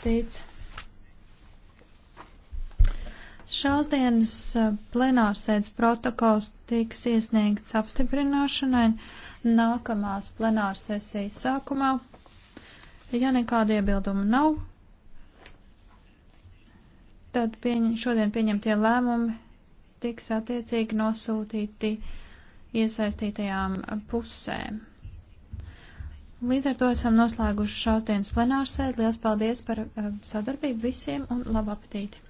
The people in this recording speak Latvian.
atbalstīts. Šāsdienas uh, plenārsēdes protokols tiks iesniegts apstiprināšanai nākamās plenārsesijas sākumā. Ja nekāda iebilduma nav, tad pieņ šodien pieņemtie lēmumi tiks attiecīgi nosūtīti iesaistītajām pusēm. Līdz ar to esam noslēguši šās dienas plenārsēdi. Lielas paldies par eh, sadarbību visiem un labu apetīti!